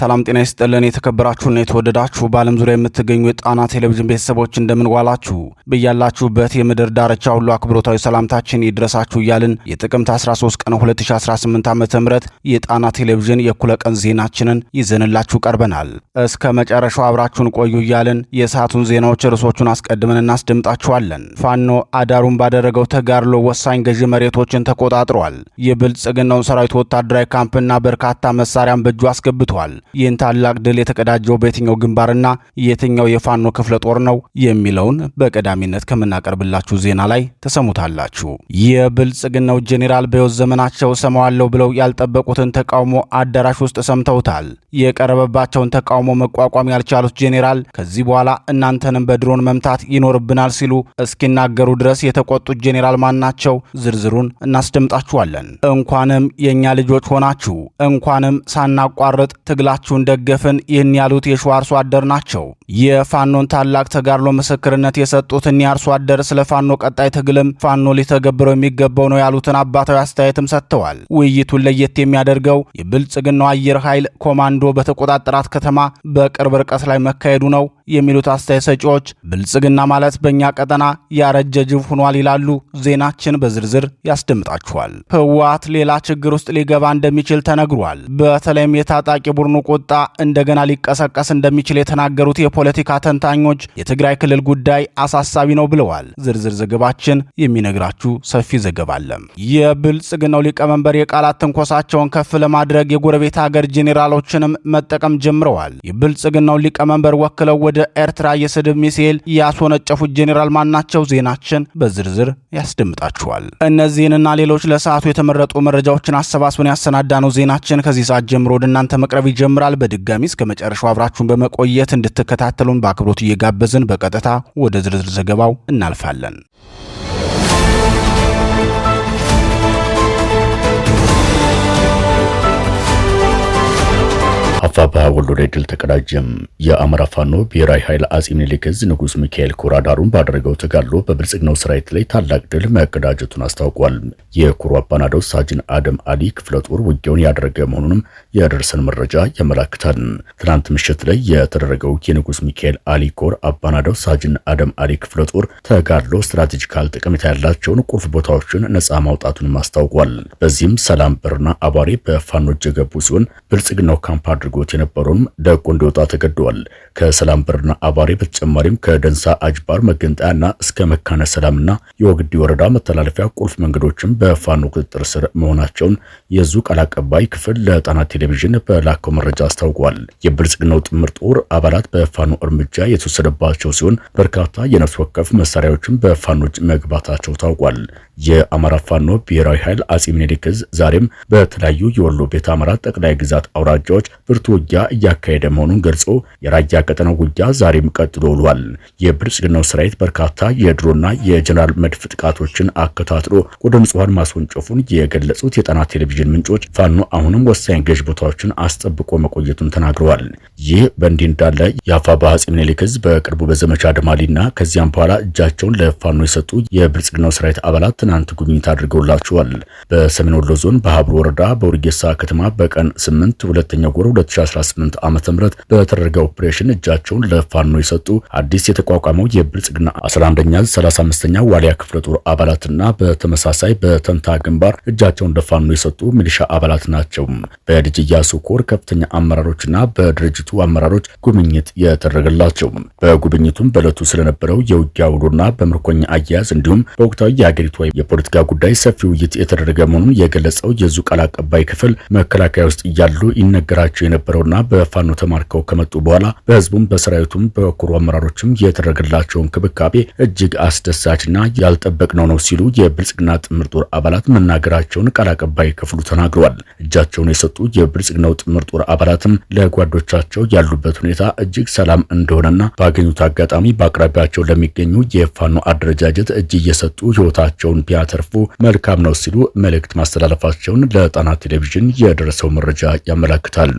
ሰላም ጤና ይስጥልን። የተከበራችሁና የተወደዳችሁ በዓለም ዙሪያ የምትገኙ የጣና ቴሌቪዥን ቤተሰቦች እንደምንዋላችሁ ብያላችሁበት የምድር ዳርቻ ሁሉ አክብሮታዊ ሰላምታችን ይድረሳችሁ እያልን የጥቅምት 13 ቀን 2018 ዓ ም የጣና ቴሌቪዥን የእኩለ ቀን ዜናችንን ይዘንላችሁ ቀርበናል። እስከ መጨረሻው አብራችሁን ቆዩ እያልን የሰዓቱን ዜናዎች ርዕሶቹን አስቀድመን እናስደምጣችኋለን። ፋኖ አዳሩን ባደረገው ተጋድሎ ወሳኝ ገዢ መሬቶችን ተቆጣጥሯል። የብልጽግናውን ሰራዊት ወታደራዊ ካምፕና በርካታ መሳሪያን በእጁ አስገብቷል። ይህን ታላቅ ድል የተቀዳጀው በየትኛው ግንባርና የትኛው የፋኖ ክፍለ ጦር ነው የሚለውን በቀዳሚነት ከምናቀርብላችሁ ዜና ላይ ተሰሙታላችሁ። የብልጽግናው ጄኔራል በሕይወት ዘመናቸው ሰማዋለሁ ብለው ያልጠበቁትን ተቃውሞ አዳራሽ ውስጥ ሰምተውታል። የቀረበባቸውን ተቃውሞ መቋቋም ያልቻሉት ጄኔራል ከዚህ በኋላ እናንተንም በድሮን መምታት ይኖርብናል ሲሉ እስኪናገሩ ድረስ የተቆጡት ጄኔራል ማናቸው? ዝርዝሩን እናስደምጣችኋለን። እንኳንም የእኛ ልጆች ሆናችሁ እንኳንም ሳናቋርጥ ትግላ አብረናችሁን ደገፍን ይህን ያሉት የሸዋ አርሶ አደር ናቸው። የፋኖን ታላቅ ተጋድሎ ምስክርነት የሰጡትን የአርሶ አደር ስለ ፋኖ ቀጣይ ትግልም ፋኖ ሊተገብረው የሚገባው ነው ያሉትን አባታዊ አስተያየትም ሰጥተዋል። ውይይቱን ለየት የሚያደርገው የብልጽግናው አየር ኃይል ኮማንዶ በተቆጣጠራት ከተማ በቅርብ ርቀት ላይ መካሄዱ ነው የሚሉት አስተያየት ሰጪዎች ብልጽግና ማለት በእኛ ቀጠና ያረጀ ጅብ ሆኗል ይላሉ። ዜናችን በዝርዝር ያስደምጣችኋል። ህወሓት ሌላ ችግር ውስጥ ሊገባ እንደሚችል ተነግሯል። በተለይም የታጣቂ ቡድኑ ቁጣ እንደገና ሊቀሰቀስ እንደሚችል የተናገሩት የፖለቲካ ተንታኞች የትግራይ ክልል ጉዳይ አሳሳቢ ነው ብለዋል። ዝርዝር ዘገባችን የሚነግራችሁ ሰፊ ዘገባ አለ። የብልጽግናው ሊቀመንበር የቃላት ትንኮሳቸውን ከፍ ለማድረግ የጎረቤት ሀገር ጄኔራሎችንም መጠቀም ጀምረዋል። የብልጽግናው ሊቀመንበር ወክለው ወደ ኤርትራ የስድብ ሚሳኤል ያስወነጨፉት ጄኔራል ማናቸው? ዜናችን በዝርዝር ያስደምጣችኋል። እነዚህንና ሌሎች ለሰዓቱ የተመረጡ መረጃዎችን አሰባስበን ያሰናዳ ነው ዜናችን ከዚህ ሰዓት ጀምሮ ወደ እናንተ መቅረብ ይጀምራል። ይጀምራል። በድጋሚ እስከ መጨረሻው አብራችሁን በመቆየት እንድትከታተሉን በአክብሮት እየጋበዝን በቀጥታ ወደ ዝርዝር ዘገባው እናልፋለን። አፋባ ወሎ ላይ ድል ተቀዳጀም። የአማራ ፋኖ ብሔራዊ ኃይል አጼ ምኒልክ ዕዝ ንጉስ ሚካኤል ኮር አዳሩን ባደረገው ተጋድሎ በብልጽግናው ሰራዊት ላይ ታላቅ ድል መቀዳጀቱን አስታውቋል። የኮሩ አባናደው ሳጅን አደም አሊ ክፍለ ጦር ውጊያውን ያደረገ መሆኑንም የደረሰን መረጃ ያመላክታል። ትናንት ምሽት ላይ የተደረገው የንጉስ ሚካኤል አሊ ኮር አባናደው ሳጅን አደም አሊ ክፍለ ጦር ተጋድሎ ስትራቴጂካል ጠቀሜታ ያላቸውን ቁልፍ ቦታዎችን ነፃ ማውጣቱንም አስታውቋል። በዚህም ሰላም በርና አባሬ በፋኖች የገቡ ሲሆን ብልጽግናው ካምፕ አድርጎ ተቃዋሚዎች የነበሩም ደቁ እንዲወጣ ተገደዋል። ከሰላም ብርና አባሪ በተጨማሪም ከደንሳ አጅባር መገንጠያና እስከ መካነ ሰላምና የወግዲ ወረዳ መተላለፊያ ቁልፍ መንገዶችም በፋኖ ቁጥጥር ስር መሆናቸውን የዙ ቃል አቀባይ ክፍል ለጣና ቴሌቪዥን በላከው መረጃ አስታውቋል። የብልጽግናው ጥምር ጦር አባላት በፋኖ እርምጃ የተወሰደባቸው ሲሆን በርካታ የነፍስ ወከፍ መሳሪያዎችም በፋኖ መግባታቸው ታውቋል። የአማራ ፋኖ ብሔራዊ ኃይል አጼ ምኒልክ ዕዝ ዛሬም በተለያዩ የወሎ ቤት አማራ ጠቅላይ ግዛት አውራጃዎች ብርቱ ውጊያ እያካሄደ መሆኑን ገልጾ የራያ ቀጠናው ውጊያ ዛሬም ቀጥሎ ውሏል። የብልጽግናው ሰራዊት በርካታ የድሮና የጀነራል መድፍ ጥቃቶችን አከታትሎ ወደ ንጹሐን ማስወንጨፉን የገለጹት የጣና ቴሌቪዥን ምንጮች ፋኖ አሁንም ወሳኝ ገዥ ቦታዎችን አስጠብቆ መቆየቱን ተናግረዋል። ይህ በእንዲህ እንዳለ የአፋባ አጼ ምኒልክ ዕዝ በቅርቡ በዘመቻ ደማሊና ከዚያም በኋላ እጃቸውን ለፋኖ የሰጡ የብልጽግናው ሰራዊት አባላት ትናንት ጉብኝት አድርገውላቸዋል። በሰሜን ወሎ ዞን በሀብሩ ወረዳ በውርጌሳ ከተማ በቀን 8 ሁለተኛው ወር 2018 ዓ ም በተደረገ ኦፕሬሽን እጃቸውን ለፋኖ የሰጡ አዲስ የተቋቋመው የብልጽግና 11ኛ 35ኛ ዋሊያ ክፍለ ጦር አባላትና በተመሳሳይ በተንታ ግንባር እጃቸውን ለፋኖ የሰጡ ሚሊሻ አባላት ናቸው። በድጅያ ሱኮር ከፍተኛ አመራሮችና በድርጅቱ አመራሮች ጉብኝት የተደረገላቸው በጉብኝቱም በለቱ ስለነበረው የውጊያ ውሎና በምርኮኛ አያያዝ እንዲሁም በወቅታዊ የሀገሪቱ የፖለቲካ ጉዳይ ሰፊ ውይይት የተደረገ መሆኑን የገለጸው የዙ ቃል አቀባይ ክፍል መከላከያ ውስጥ እያሉ ይነገራቸው የነበረውና በፋኖ ተማርከው ከመጡ በኋላ በህዝቡም በሰራዊቱም በኩሩ አመራሮችም የተደረገላቸው እንክብካቤ እጅግ አስደሳችና ያልጠበቅነው ነው ሲሉ የብልጽግና ጥምር ጦር አባላት መናገራቸውን ቃል አቀባይ ክፍሉ ተናግረዋል። እጃቸውን የሰጡ የብልጽግናው ጥምር ጦር አባላትም ለጓዶቻቸው ያሉበት ሁኔታ እጅግ ሰላም እንደሆነና ባገኙት አጋጣሚ በአቅራቢያቸው ለሚገኙ የፋኖ አደረጃጀት እጅ እየሰጡ ህይወታቸውን ቢያተርፉ መልካም ነው ሲሉ መልእክት ማስተላለፋቸውን ለጣና ቴሌቪዥን የደረሰው መረጃ ያመላክታል።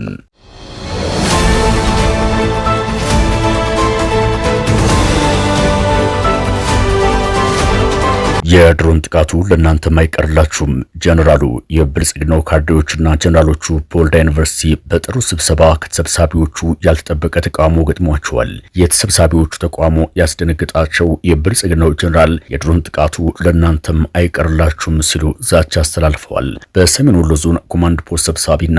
የድሮን ጥቃቱ ለእናንተም አይቀርላችሁም ጀነራሉ። የብልጽግናው ካድሬዎችና ጀነራሎቹ በወልዳ ዩኒቨርሲቲ በጥሩ ስብሰባ ከተሰብሳቢዎቹ ያልተጠበቀ ተቃውሞ ገጥሟቸዋል። የተሰብሳቢዎቹ ተቃውሞ ያስደነግጣቸው የብልጽግናው ጀነራል የድሮን ጥቃቱ ለእናንተም አይቀርላችሁም ሲሉ ዛቻ አስተላልፈዋል። በሰሜን ወሎ ዞን ኮማንድ ፖስት ሰብሳቢና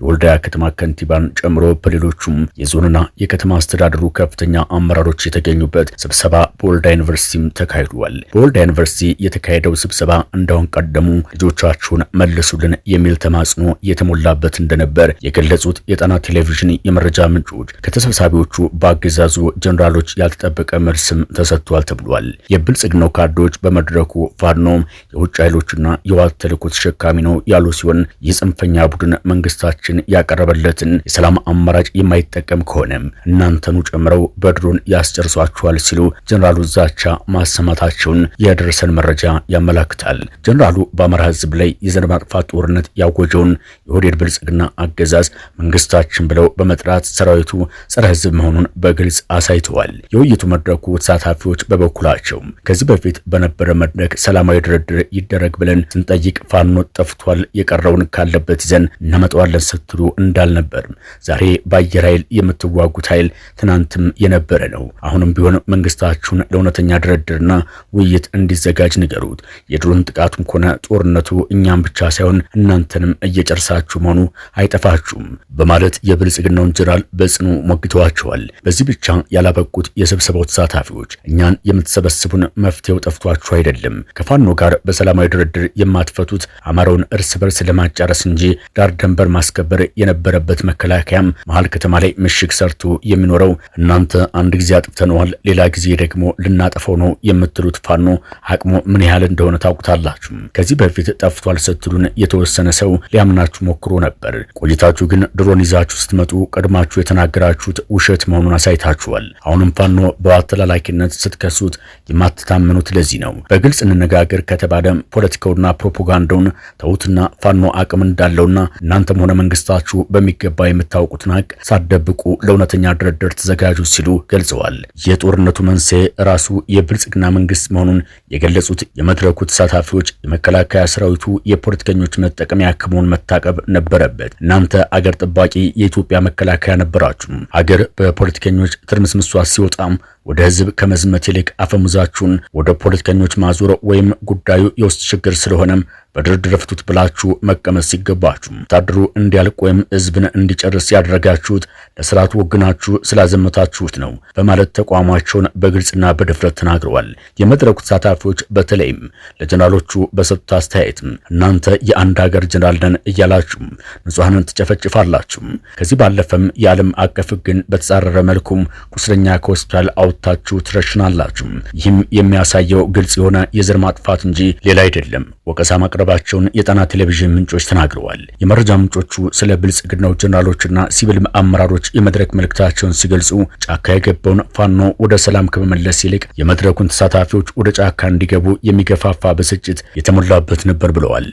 የወልዳያ ከተማ ከንቲባን ጨምሮ በሌሎቹም የዞንና የከተማ አስተዳደሩ ከፍተኛ አመራሮች የተገኙበት ስብሰባ በወልዳ ዩኒቨርሲቲም ተካሂዷል። በወልዳ ዩኒቨርሲቲ ዩኒቨርሲቲ የተካሄደው ስብሰባ እንዳሁን ቀደሙ ልጆቻችሁን መልሱልን የሚል ተማጽኖ የተሞላበት እንደነበር የገለጹት የጣና ቴሌቪዥን የመረጃ ምንጮች ከተሰብሳቢዎቹ በአገዛዙ ጀኔራሎች ያልተጠበቀ መልስም ተሰጥቷል ተብሏል። የብልጽግናው ካድሬዎች በመድረኩ ፋኖም የውጭ ኃይሎችና የዋት ተልዕኮ ተሸካሚ ነው ያሉ ሲሆን ይህ ቡድን መንግስታችን ያቀረበለትን የሰላም አማራጭ የማይጠቀም ከሆነም እናንተኑ ጨምረው በድሮን ያስጨርሷችኋል ሲሉ ጀኔራሉ ዛቻ ማሰማታቸውን የደረሰ የደረሰን መረጃ ያመላክታል። ጀነራሉ በአማራ ህዝብ ላይ የዘር ማጥፋት ጦርነት ያወጀውን የወዴድ ብልጽግና አገዛዝ መንግስታችን ብለው በመጥራት ሰራዊቱ ጸረ ህዝብ መሆኑን በግልጽ አሳይተዋል። የውይይቱ መድረኩ ተሳታፊዎች በበኩላቸው ከዚህ በፊት በነበረ መድረክ ሰላማዊ ድርድር ይደረግ ብለን ስንጠይቅ ፋኖ ጠፍቷል፣ የቀረውን ካለበት ይዘን እናመጣዋለን ስትሉ እንዳልነበርም ዛሬ በአየር ኃይል የምትዋጉት ኃይል ትናንትም የነበረ ነው። አሁንም ቢሆን መንግስታችሁን ለእውነተኛ ድርድርና ውይይት እንዲዘጋ እንዲዘጋጅ ንገሩት። የድሮን ጥቃቱም ሆነ ጦርነቱ እኛም ብቻ ሳይሆን እናንተንም እየጨርሳችሁ መሆኑ አይጠፋችሁም በማለት የብልጽግናውን ጀነራል በጽኑ ሞግተዋቸዋል። በዚህ ብቻ ያላበቁት የስብሰባው ተሳታፊዎች እኛን የምትሰበስቡን መፍትሄው ጠፍቷችሁ አይደለም፣ ከፋኖ ጋር በሰላማዊ ድርድር የማትፈቱት አማራውን እርስ በርስ ለማጫረስ እንጂ ዳር ደንበር ማስከበር የነበረበት መከላከያም መሀል ከተማ ላይ ምሽግ ሰርቶ የሚኖረው እናንተ አንድ ጊዜ አጥፍተነዋል፣ ሌላ ጊዜ ደግሞ ልናጠፈው ነው የምትሉት ፋኖ አቅሙ ደግሞ ምን ያህል እንደሆነ ታውቁታላችሁ። ከዚህ በፊት ጠፍቷል ስትሉን የተወሰነ ሰው ሊያምናችሁ ሞክሮ ነበር። ቆይታችሁ ግን ድሮን ይዛችሁ ስትመጡ ቀድማችሁ የተናገራችሁት ውሸት መሆኑን አሳይታችኋል። አሁንም ፋኖ በአተላላኪነት ስትከሱት የማትታመኑት ለዚህ ነው። በግልጽ እንነጋገር ከተባለ ፖለቲካውና ፕሮፓጋንዳውን ተዉትና ፋኖ አቅም እንዳለውና እናንተም ሆነ መንግስታችሁ በሚገባ የምታውቁትን ሀቅ ሳትደብቁ ለእውነተኛ ድርድር ተዘጋጁ ሲሉ ገልጸዋል። የጦርነቱ መንስኤ ራሱ የብልጽግና መንግስት መሆኑን የገለ የገለጹት የመድረኩ ተሳታፊዎች የመከላከያ ሰራዊቱ የፖለቲከኞች መጠቀሚያ ክሙን መታቀብ ነበረበት። እናንተ አገር ጠባቂ የኢትዮጵያ መከላከያ ነበራችሁ። አገር በፖለቲከኞች ትርምስምሷ ሲወጣም ወደ ህዝብ ከመዝመት ይልቅ አፈሙዛችሁን ወደ ፖለቲከኞች ማዞር ወይም ጉዳዩ የውስጥ ችግር ስለሆነም በድርድር ፍቱት ብላችሁ መቀመጥ ሲገባችሁ ወታደሩ እንዲያልቅ ወይም ህዝብን እንዲጨርስ ያደረጋችሁት ለስርዓቱ ወግናችሁ ስላዘመታችሁት ነው በማለት ተቋማቸውን በግልጽና በድፍረት ተናግረዋል። የመድረኩ ተሳታፊዎች በተለይም ለጀነራሎቹ በሰጡት አስተያየት እናንተ የአንድ ሀገር ጀነራል ነን እያላችሁ ንጹሐንን ትጨፈጭፋላችሁ። ከዚህ ባለፈም የዓለም አቀፍ ህግን በተጻረረ መልኩም ቁስለኛ ከሆስፒታል አውጥ ሁለታችሁ ትረሽናላችሁ። ይህም የሚያሳየው ግልጽ የሆነ የዘር ማጥፋት እንጂ ሌላ አይደለም፣ ወቀሳ ማቅረባቸውን የጣና ቴሌቪዥን ምንጮች ተናግረዋል። የመረጃ ምንጮቹ ስለ ብልጽግናው ጀነራሎችና ሲቪል አመራሮች የመድረክ መልእክታቸውን ሲገልጹ ጫካ የገባውን ፋኖ ወደ ሰላም ከመመለስ ይልቅ የመድረኩን ተሳታፊዎች ወደ ጫካ እንዲገቡ የሚገፋፋ ብስጭት የተሞላበት ነበር ብለዋል።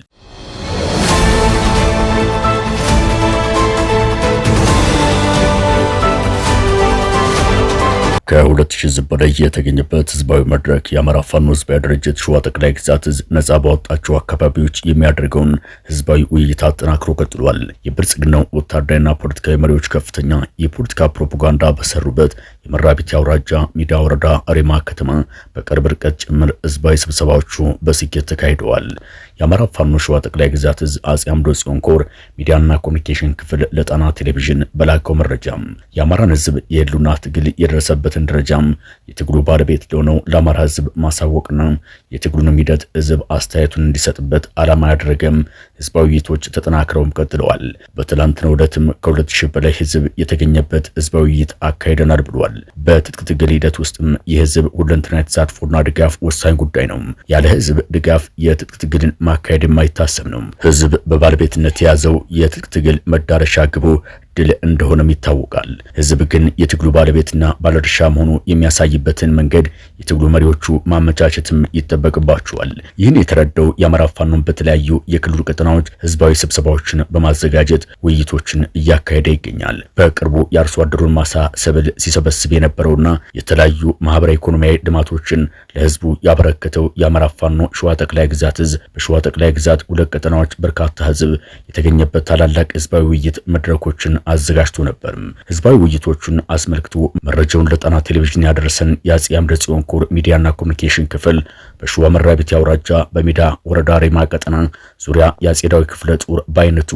ከ ሺህ ህዝብ በላይ የተገኘበት ህዝባዊ መድረክ የአማራ ፋኖ ህዝባዊ ድርጅት ሸዋ ጠቅላይ ግዛት ህዝብ ነጻ ባወጣቸው አካባቢዎች የሚያደርገውን ህዝባዊ ውይይት አጠናክሮ ቀጥሏል። የብልጽግናው ወታደራዊና ፖለቲካዊ መሪዎች ከፍተኛ የፖለቲካ ፕሮፓጋንዳ በሰሩበት የመራቢት አውራጃ ሚዳ ወረዳ ሬማ ከተማ በቅርብ ርቀት ጭምር ህዝባዊ ስብሰባዎቹ በስኬት ተካሂደዋል። የአማራ ፋኖ ሸዋ ጠቅላይ ግዛት እዝ አጼ አምዶ ጽዮን ኮር ሚዲያና ኮሚኒኬሽን ክፍል ለጣና ቴሌቪዥን በላከው መረጃ የአማራን ሕዝብ የህልውና ትግል የደረሰበትን ደረጃም የትግሉ ባለቤት ለሆነው ለአማራ ህዝብ ማሳወቅና የትግሉንም ሂደት ህዝብ አስተያየቱን እንዲሰጥበት ዓላማ ያደረገም ህዝባዊ ውይይቶች ተጠናክረውም ቀጥለዋል። በትላንትናው ዕለትም ከሁለት ሺህ በላይ ህዝብ የተገኘበት ህዝባዊ ውይይት አካሂደናል ብሏል። በትጥቅ ትግል ሂደት ውስጥም የህዝብ ሁለንትና የተሳትፎና ድጋፍ ወሳኝ ጉዳይ ነው። ያለ ህዝብ ድጋፍ የትጥቅ ትግልን ማካሄድ የማይታሰብ ነው። ህዝብ በባለቤትነት የያዘው የትጥቅ ትግል መዳረሻ ግቡ ድል እንደሆነም ይታወቃል። ህዝብ ግን የትግሉ ባለቤትና ባለድርሻ መሆኑ የሚያሳይበትን መንገድ የትግሉ መሪዎቹ ማመቻቸትም ይጠበቅባቸዋል። ይህን የተረዳው የአማራ ፋኖን በተለያዩ የክልሉ ቀጠናዎች ህዝባዊ ስብሰባዎችን በማዘጋጀት ውይይቶችን እያካሄደ ይገኛል። በቅርቡ የአርሶ አደሩን ማሳ ሰብል ሲሰበስብ የነበረውና የተለያዩ ማህበራዊ ኢኮኖሚያዊ ልማቶችን ለህዝቡ ያበረከተው የአማራ ፋኖ ሸዋ ጠቅላይ ግዛት እዝ በሸዋ ጠቅላይ ግዛት ሁለት ቀጠናዎች በርካታ ህዝብ የተገኘበት ታላላቅ ህዝባዊ ውይይት መድረኮችን አዘጋጅቶ ነበር። ህዝባዊ ውይይቶቹን አስመልክቶ መረጃውን ለጣና ቴሌቪዥን ያደረሰን የአጼ አምደ ጽዮን ኮር ሚዲያና ኮሚኒኬሽን ክፍል በሸዋ መራቤቴ አውራጃ በሜዳ ወረዳ ሬማ ቀጠና ዙሪያ የአጼ ክፍለ ጦር በአይነቱ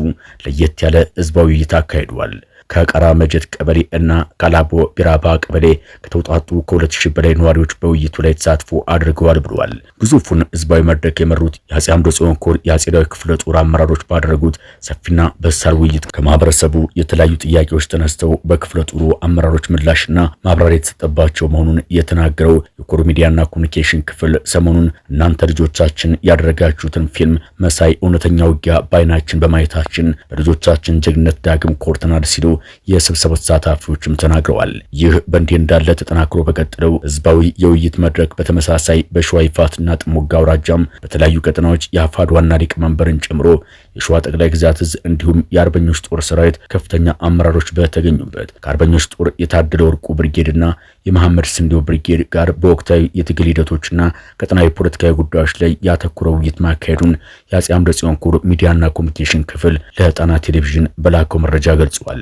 ለየት ያለ ህዝባዊ ውይይት አካሂዷል። ከቀራ መጀት ቀበሌ እና ከአላቦ ቢራባ ቀበሌ ከተውጣጡ ከሁለት ሺህ በላይ ነዋሪዎች በውይይቱ ላይ ተሳትፎ አድርገዋል ብለዋል። ግዙፉን ህዝባዊ መድረክ የመሩት የአጼ አምደ ጽዮን ኮር የአጼ ዳዊት ክፍለ ጦር አመራሮች ባደረጉት ሰፊና በሳል ውይይት ከማህበረሰቡ የተለያዩ ጥያቄዎች ተነስተው በክፍለ ጦሩ አመራሮች ምላሽና ማብራሪያ የተሰጠባቸው መሆኑን የተናገረው የኮር ሚዲያና ኮሚኒኬሽን ክፍል ሰሞኑን እናንተ ልጆቻችን ያደረጋችሁትን ፊልም መሳይ እውነተኛ ውጊያ በአይናችን በማየታችን በልጆቻችን ጀግንነት ዳግም ኮርተናል ሲሉ የስብሰባ ተሳታፊዎችም ተናግረዋል። ይህ በእንዲህ እንዳለ ተጠናክሮ በቀጠለው ህዝባዊ የውይይት መድረክ በተመሳሳይ በሸዋ ይፋትና ጥሙጋ አውራጃም በተለያዩ ቀጠናዎች የአፋድ ዋና ሊቀመንበርን ጨምሮ የሸዋ ጠቅላይ ግዛት እዝ እንዲሁም የአርበኞች ጦር ሰራዊት ከፍተኛ አመራሮች በተገኙበት ከአርበኞች ጦር የታደለ ወርቁ ብርጌድና የመሐመድ ስንዴው ብርጌድ ጋር በወቅታዊ የትግል ሂደቶችና ቀጠናዊ ፖለቲካዊ ጉዳዮች ላይ ያተኮረ ውይይት ማካሄዱን የአጼ አምደ ጽዮን ኮር ሚዲያና ኮሚኒኬሽን ክፍል ለጣና ቴሌቪዥን በላከው መረጃ ገልጿል።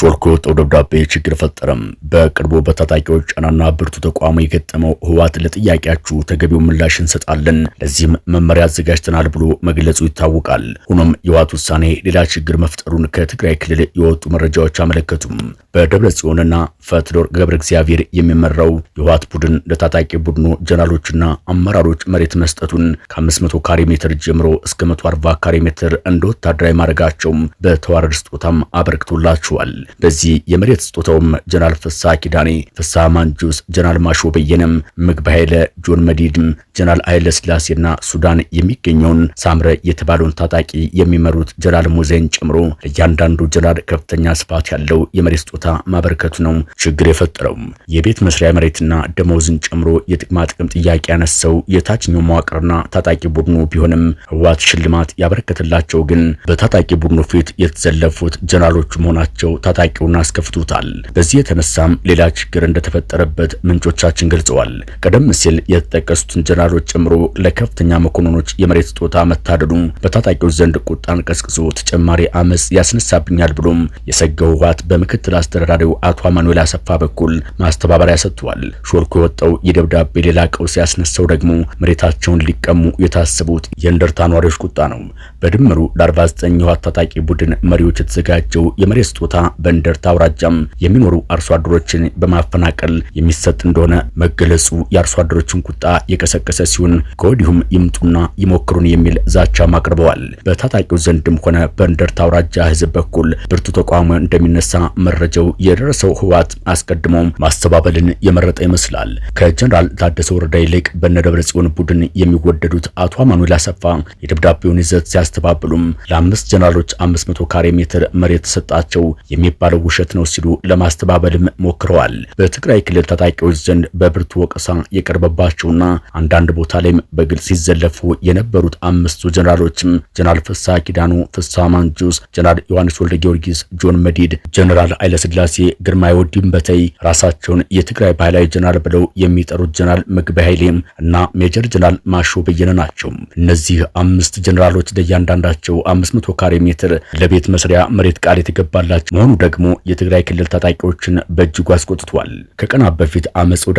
ሾልኮ የወጣው ደብዳቤ ችግር ፈጠረም። በቅርቡ በታጣቂዎች ጫናና ብርቱ ተቋሙ የገጠመው ህወሓት ለጥያቄያችሁ ተገቢው ምላሽ እንሰጣለን፣ ለዚህም መመሪያ አዘጋጅተናል ብሎ መግለጹ ይታወቃል። ሆኖም የህወሓት ውሳኔ ሌላ ችግር መፍጠሩን ከትግራይ ክልል የወጡ መረጃዎች አመለከቱም። በደብረ ጽዮንና ፈትዶር ገብረ እግዚአብሔር የሚመራው የህወሓት ቡድን ለታጣቂ ቡድኑ ጀነራሎችና አመራሮች መሬት መስጠቱን ከ500 ካሬ ሜትር ጀምሮ እስከ 140 ካሬ ሜትር እንደ ወታደራዊ ማድረጋቸውም በተዋረድ ስጦታም አበርክቶላቸዋል። በዚህ የመሬት ስጦታውም ጀነራል ፍሳ ኪዳኔ፣ ፍሳ ማንጁስ፣ ጀነራል ማሾ በየነም፣ ምግብ ኃይለ፣ ጆን መዲድም፣ ጀነራል ኃይለ ስላሴና ሱዳን የሚገኘውን ሳምረ የተባለውን ታጣቂ የሚመሩት ጀነራል ሙዜን ጨምሮ ለእያንዳንዱ ጀነራል ከፍተኛ ስፋት ያለው የመሬት ስጦታ ማበረከቱ ነው ችግር የፈጠረው። የቤት መስሪያ መሬትና ደመወዝን ጨምሮ የጥቅማ ጥቅም ጥያቄ ያነሰው የታችኛው መዋቅርና ታጣቂ ቡድኑ ቢሆንም ህወሓት ሽልማት ያበረከተላቸው ግን በታጣቂ ቡድኑ ፊት የተዘለፉት ጀነራሎቹ መሆናቸው ታ ታጣቂውን አስከፍቶታል። በዚህ የተነሳም ሌላ ችግር እንደተፈጠረበት ምንጮቻችን ገልጸዋል። ቀደም ሲል የተጠቀሱትን ጀነራሎች ጨምሮ ለከፍተኛ መኮንኖች የመሬት ስጦታ መታደሉ በታጣቂዎች ዘንድ ቁጣን ቀስቅሶ ተጨማሪ አመጽ ያስነሳብኛል ብሎም የሰገው ህወሓት በምክትል አስተዳዳሪው አቶ አማኑኤል አሰፋ በኩል ማስተባበሪያ ሰጥቷል። ሾልኮ የወጣው የደብዳቤ ሌላ ቀውስ ያስነሳው ደግሞ መሬታቸውን ሊቀሙ የታሰቡት የእንደርታ ነዋሪዎች ቁጣ ነው። በድምሩ ለ49 የህወሓት ታጣቂ ቡድን መሪዎች የተዘጋጀው የመሬት ስጦታ በ በእንደርታ አውራጃም የሚኖሩ አርሶ አደሮችን በማፈናቀል የሚሰጥ እንደሆነ መገለጹ የአርሶ አደሮችን ቁጣ የቀሰቀሰ ሲሆን ከወዲሁም ይምጡና ይሞክሩን የሚል ዛቻም አቅርበዋል። በታጣቂው ዘንድም ሆነ በእንደርታ አውራጃ ህዝብ በኩል ብርቱ ተቃውሞ እንደሚነሳ መረጃው የደረሰው ህወሓት አስቀድሞ ማስተባበልን የመረጠ ይመስላል። ከጀነራል ታደሰ ወረዳ ይልቅ በነደብረ ጽዮን ቡድን የሚወደዱት አቶ አማኑኤል አሰፋ የደብዳቤውን ይዘት ሲያስተባብሉም ለአምስት ጀነራሎች 500 ካሬ ሜትር መሬት ተሰጣቸው የሚ የሚባለው ውሸት ነው ሲሉ ለማስተባበልም ሞክረዋል። በትግራይ ክልል ታጣቂዎች ዘንድ በብርቱ ወቀሳ የቀረበባቸውና አንዳንድ ቦታ ላይም በግልጽ ሲዘለፉ የነበሩት አምስቱ ጀነራሎችም ጀነራል ፍሳ ኪዳኑ፣ ፍሳ ማንጁስ፣ ጀነራል ዮሐንስ ወልደ ጊዮርጊስ፣ ጆን መዲድ፣ ጀነራል ኃይለስላሴ ግርማይ በተይ ራሳቸውን የትግራይ ባህላዊ ጀነራል ብለው የሚጠሩት ጀነራል ምግበ ኃይሌም እና ሜጀር ጀነራል ማሾ በየነ ናቸው። እነዚህ አምስት ጀነራሎች ለእያንዳንዳቸው አምስት መቶ ካሬ ሜትር ለቤት መስሪያ መሬት ቃል የተገባላቸው መሆኑ ደግሞ የትግራይ ክልል ታጣቂዎችን በእጅጉ አስቆጥቷል። ከቀናት በፊት አመፅ ወደ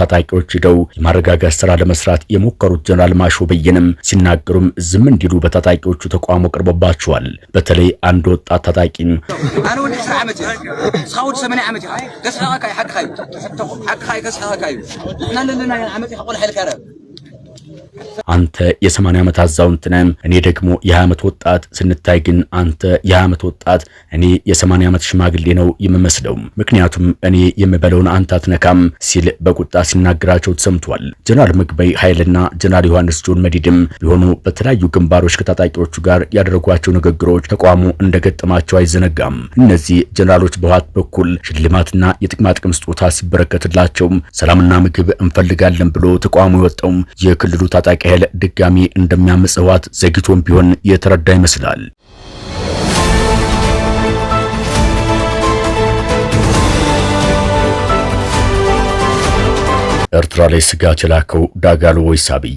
ታጣቂዎች ሂደው የማረጋጋት ስራ ለመስራት የሞከሩት ጀነራል ማሾ በየንም ሲናገሩም ዝም እንዲሉ በታጣቂዎቹ ተቋሞ ቀርቦባቸዋል። በተለይ አንድ ወጣት ታጣቂ አንተ የ80 ዓመት አዛውንት ነህ፣ እኔ ደግሞ የ20 ዓመት ወጣት ስንታይ ግን አንተ የ20 ዓመት ወጣት፣ እኔ የ80 ዓመት ሽማግሌ ነው የምመስለው፣ ምክንያቱም እኔ የምበለውን አንተ አትነካም ሲል በቁጣ ሲናገራቸው ተሰምቷል። ጀነራል ምግበይ ኃይልና ጀነራል ዮሐንስ ጆን መዲድም ቢሆኑ በተለያዩ ግንባሮች ከታጣቂዎቹ ጋር ያደረጓቸው ንግግሮች ተቋሙ እንደገጠማቸው አይዘነጋም። እነዚህ ጀነራሎች በህወሓት በኩል ሽልማትና የጥቅማ ስጦታ ሲበረከትላቸው ሰላምና ምግብ እንፈልጋለን ብሎ ተቋሙ የወጣውም የክልሉ ታጣቂ ኃይል ድጋሚ እንደሚያምጽ ህወሓት ዘግቶም ቢሆን የተረዳ ይመስላል። ኤርትራ ላይ ስጋት የላከው ዳጋሎ ወይስ አብይ?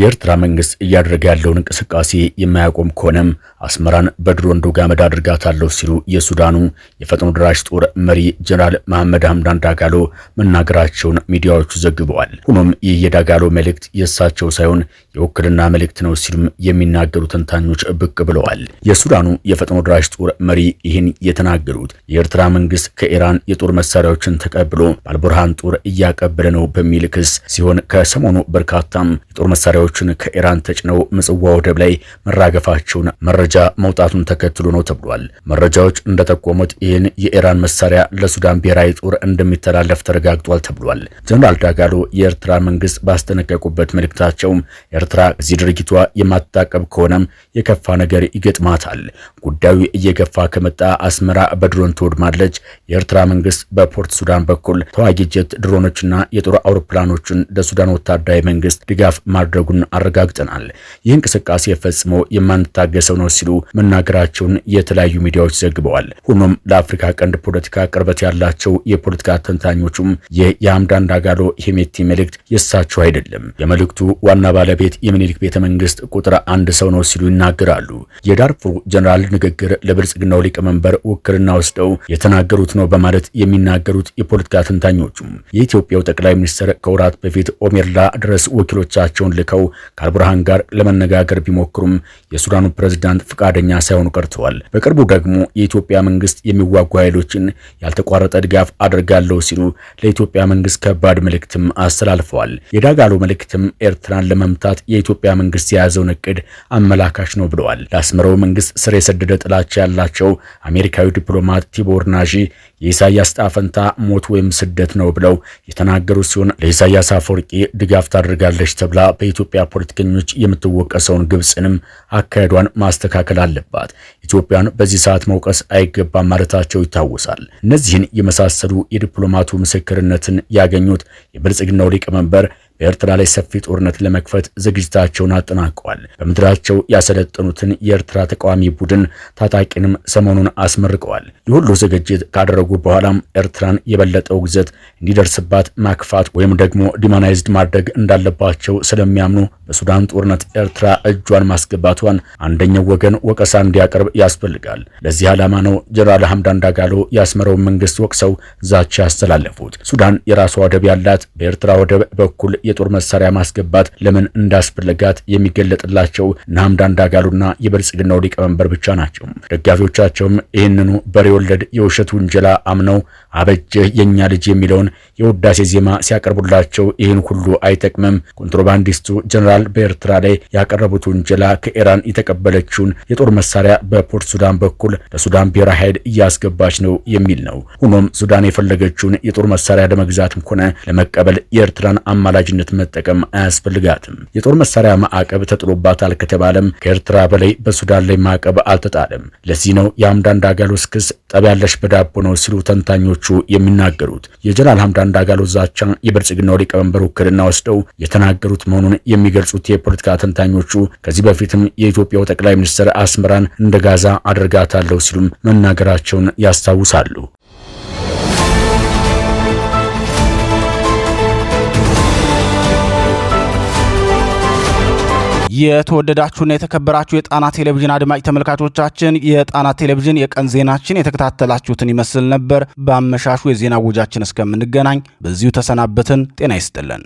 የኤርትራ መንግስት እያደረገ ያለውን እንቅስቃሴ የማያቆም ከሆነም አስመራን በድሮን ዶጋመድ አድርጋታለሁ ሲሉ የሱዳኑ የፈጥኖ ደራሽ ጦር መሪ ጀነራል መሐመድ ሐምዳን ዳጋሎ መናገራቸውን ሚዲያዎቹ ዘግበዋል። ሆኖም ይህ የዳጋሎ መልእክት የእሳቸው ሳይሆን የውክልና መልእክት ነው ሲሉም የሚናገሩ ተንታኞች ብቅ ብለዋል። የሱዳኑ የፈጥኖ ደራሽ ጦር መሪ ይህን የተናገሩት የኤርትራ መንግስት ከኢራን የጦር መሳሪያዎችን ተቀብሎ ባልቡርሃን ጦር እያቀበለ ነው በሚል ክስ ሲሆን ከሰሞኑ በርካታም የጦር መሳሪያዎች ተሽከርካሪዎችን ከኢራን ተጭነው ምጽዋ ወደብ ላይ መራገፋቸውን መረጃ መውጣቱን ተከትሎ ነው ተብሏል። መረጃዎች እንደጠቆሙት ይህን የኢራን መሳሪያ ለሱዳን ብሔራዊ ጦር እንደሚተላለፍ ተረጋግጧል ተብሏል። ጀነራል ዳጋሎ የኤርትራ መንግስት ባስጠነቀቁበት መልእክታቸውም ኤርትራ ከዚህ ድርጊቷ የማትታቀብ ከሆነም የከፋ ነገር ይገጥማታል፣ ጉዳዩ እየገፋ ከመጣ አስመራ በድሮን ትወድማለች። የኤርትራ መንግስት በፖርት ሱዳን በኩል ተዋጊ ጀት ድሮኖችና የጦር አውሮፕላኖችን ለሱዳን ወታደራዊ መንግስት ድጋፍ ማድረጉን መሆኑን አረጋግጠናል። ይህ እንቅስቃሴ ፈጽሞ የማንታገሰው ነው ሲሉ መናገራቸውን የተለያዩ ሚዲያዎች ዘግበዋል። ሆኖም ለአፍሪካ ቀንድ ፖለቲካ ቅርበት ያላቸው የፖለቲካ ተንታኞቹም የሐምዳን ዳጋሎ ሄሜቲ መልእክት የእሳቸው አይደለም፣ የመልእክቱ ዋና ባለቤት የምኒልክ ቤተ መንግስት ቁጥር አንድ ሰው ነው ሲሉ ይናገራሉ። የዳርፉር ጀነራል ንግግር ለብልጽግናው ሊቀመንበር ውክልና ወስደው የተናገሩት ነው በማለት የሚናገሩት የፖለቲካ ተንታኞቹም የኢትዮጵያው ጠቅላይ ሚኒስትር ከወራት በፊት ኦሜርላ ድረስ ወኪሎቻቸውን ልከው ተቀምጠው ከአልቡርሃን ጋር ለመነጋገር ቢሞክሩም የሱዳኑ ፕሬዝዳንት ፈቃደኛ ሳይሆኑ ቀርተዋል። በቅርቡ ደግሞ የኢትዮጵያ መንግስት የሚዋጉ ኃይሎችን ያልተቋረጠ ድጋፍ አድርጋለሁ ሲሉ ለኢትዮጵያ መንግስት ከባድ መልእክትም አስተላልፈዋል። የዳጋሎ መልእክትም ኤርትራን ለመምታት የኢትዮጵያ መንግስት የያዘውን እቅድ አመላካች ነው ብለዋል። ለአስመራው መንግስት ስር የሰደደ ጥላቻ ያላቸው አሜሪካዊ ዲፕሎማት ቲቦር ናዢ የኢሳያስ ጣፈንታ ሞት ወይም ስደት ነው ብለው የተናገሩ ሲሆን ለኢሳያስ አፈወርቂ ድጋፍ ታደርጋለች ተብላ በኢትዮ የኢትዮጵያ ፖለቲከኞች የምትወቀሰውን ግብፅንም አካሄዷን ማስተካከል አለባት፣ ኢትዮጵያን በዚህ ሰዓት መውቀስ አይገባም ማለታቸው ይታወሳል። እነዚህን የመሳሰሉ የዲፕሎማቱ ምስክርነትን ያገኙት የብልጽግናው ሊቀመንበር በኤርትራ ላይ ሰፊ ጦርነት ለመክፈት ዝግጅታቸውን አጠናቀዋል። በምድራቸው ያሰለጠኑትን የኤርትራ ተቃዋሚ ቡድን ታጣቂንም ሰሞኑን አስመርቀዋል። ይህ ሁሉ ዝግጅት ካደረጉ በኋላም ኤርትራን የበለጠው ግዘት እንዲደርስባት ማክፋት ወይም ደግሞ ዲማናይዝድ ማድረግ እንዳለባቸው ስለሚያምኑ በሱዳን ጦርነት ኤርትራ እጇን ማስገባቷን አንደኛው ወገን ወቀሳ እንዲያቀርብ ያስፈልጋል። ለዚህ ዓላማ ነው ጀነራል ሐምዳን ዳጋሎ የአስመራውን መንግስት ወቅሰው ዛቻ ያስተላለፉት። ሱዳን የራሷ ወደብ ያላት በኤርትራ ወደብ በኩል የጦር መሳሪያ ማስገባት ለምን እንዳስፈለጋት የሚገለጥላቸው ናምዳን ዳጋሉና የብልጽግናው ሊቀመንበር ብቻ ናቸው። ደጋፊዎቻቸውም ይህንኑ በሬ ወለድ የውሸት ውንጀላ አምነው አበጀህ የእኛ ልጅ የሚለውን የውዳሴ ዜማ ሲያቀርቡላቸው ይህን ሁሉ አይጠቅምም። ኮንትሮባንዲስቱ ጀኔራል በኤርትራ ላይ ያቀረቡት ውንጀላ ከኢራን የተቀበለችውን የጦር መሳሪያ በፖርት ሱዳን በኩል ለሱዳን ብሔራዊ ኃይል እያስገባች ነው የሚል ነው። ሆኖም ሱዳን የፈለገችውን የጦር መሳሪያ ለመግዛትም ሆነ ለመቀበል የኤርትራን አማላጅነት መጠቀም አያስፈልጋትም። የጦር መሳሪያ ማዕቀብ ተጥሎባታል ከተባለም ከኤርትራ በላይ በሱዳን ላይ ማዕቀብ አልተጣለም። ለዚህ ነው የአምዳንድ አጋሎስ ክስ ጠብ ያለሽ በዳቦ ነው ሲሉ ተንታኞች ብዙዎቹ የሚናገሩት የጀላል ሀምዳን ዳጋሎ ዛቻ የብልጽግናው ሊቀመንበር ውክልና ወስደው የተናገሩት መሆኑን የሚገልጹት የፖለቲካ ተንታኞቹ ከዚህ በፊትም የኢትዮጵያው ጠቅላይ ሚኒስትር አስመራን እንደ ጋዛ አድርጋታለሁ ሲሉም መናገራቸውን ያስታውሳሉ። የተወደዳችሁና የተከበራችሁ የጣና ቴሌቪዥን አድማጭ ተመልካቾቻችን የጣና ቴሌቪዥን የቀን ዜናችን የተከታተላችሁትን ይመስል ነበር። በአመሻሹ የዜና ጎጃችን እስከምንገናኝ በዚሁ ተሰናበትን። ጤና ይስጥልን።